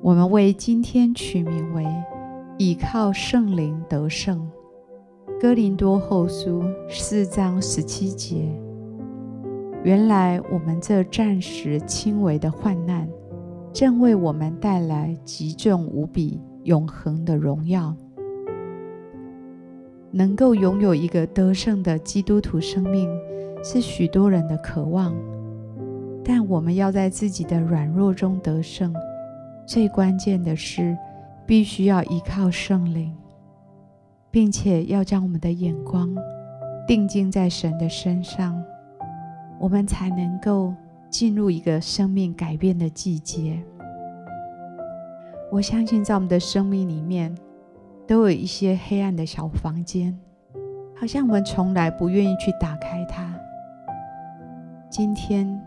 我們為今天取名為“倚靠聖靈得勝”。哥林多後書四章十七節。原來我們這暫時輕微的患難，正為我們帶來極重無比、永恆的榮耀。能夠擁有一個得勝的基督徒生命，是許多人的渴望。但我們要在自己的軟弱中得勝。最關鍵的是，必須要依靠聖靈，並且要將我們的眼光定睛在神的身上，我們才能夠進入一個生命改變的季節。我相信，在我們的生命裡面，都有一些黑暗的小房間，好像我們從來不願意去打開它。今天，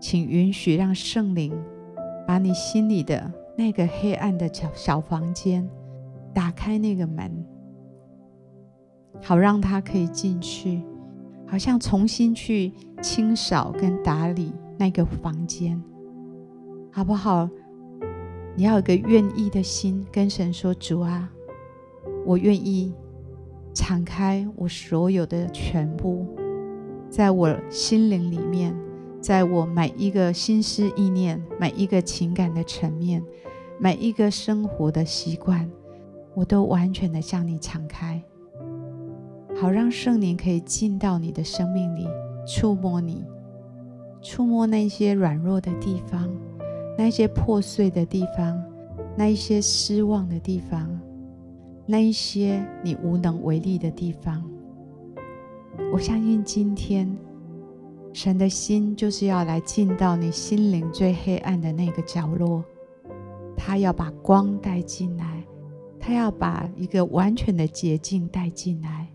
請允許讓聖靈把你心裡的。那個黑暗的小小房間，打開那個門，好讓他可以進去，好像重新去清掃跟打理那個房間，好不好？你要有個願意的心，跟神說：“主啊，我願意敞開我所有的全部，在我心靈裡面。”在我每一個心思意念、每一個情感的層面、每一個生活的習慣，我都完全的向你敞開，好讓聖靈可以進到你的生命裡，觸摸你，觸摸那些軟弱的地方，那些破碎的地方，那一些失望的地方，那一些你無能為力的地方。我相信今天，神的心就是要來進到你心靈最黑暗的那個角落，他要把光帶進來，他要把一個完全的潔淨帶進來，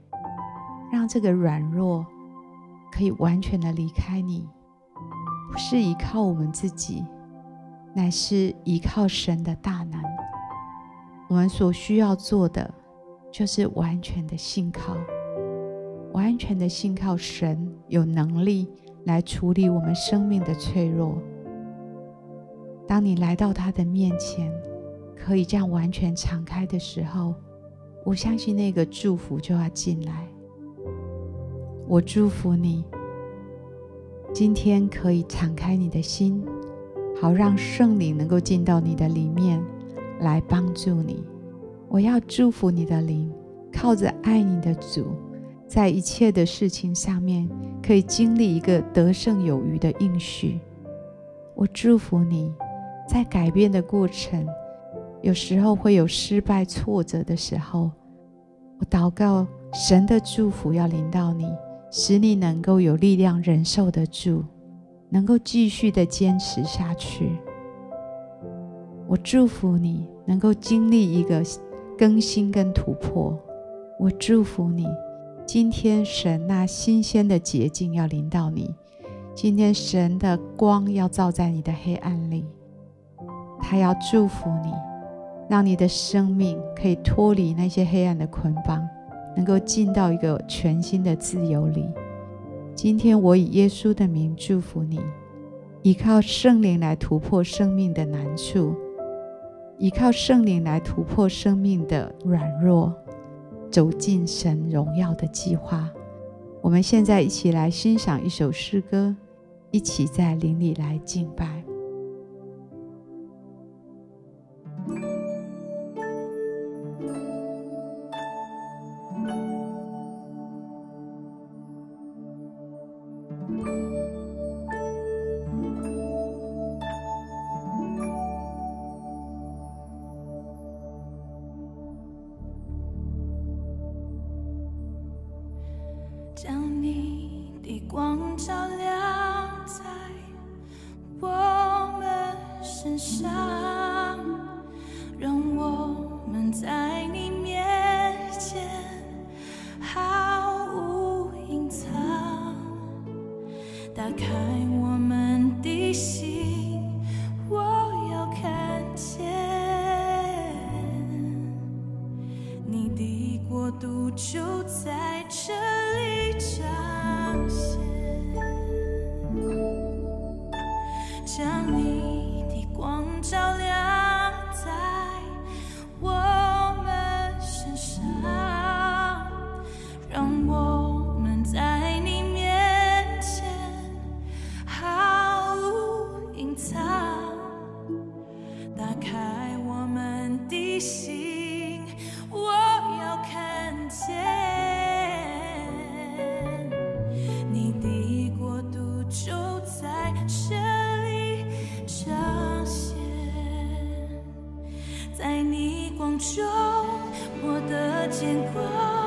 讓這個軟弱可以完全的離開你，不是依靠我們自己，乃是依靠神的大能。我們所需要做的就是完全的信靠，完全的信靠神有能力，來處理我們生命的脆弱。當你來到他的面前，可以這樣完全敞開的時候，我相信那個祝福就要進來。我祝福你，今天可以敞開你的心，好讓聖靈能夠進到你的裡面來幫助你。我要祝福你的靈，靠着愛你的主。在一切的事情上面，可以經歷一個得勝有餘的應許。我祝福你，在改變的過程，有時候會有失敗挫折的時候，我禱告神的祝福要臨到你，使你能夠有力量忍受得住，能夠繼續的堅持下去。我祝福你能夠經歷一個更新跟突破。我祝福你。今天神那新鮮的潔淨要臨到你，今天神的光要照在你的黑暗裡，他要祝福你，讓你的生命可以脫離那些黑暗的捆綁，能夠進到一個全新的自由裡。今天我以耶穌的名祝福你，依靠聖靈來突破生命的難處，依靠聖靈來突破生命的軟弱。走進神榮耀的計劃，我們現在一起來欣賞一首詩歌，一起在靈裡來敬拜。在你面前毫無隱藏，打開我們的心，我要看見你的國度就在這裡彰顯。中，我的牽掛。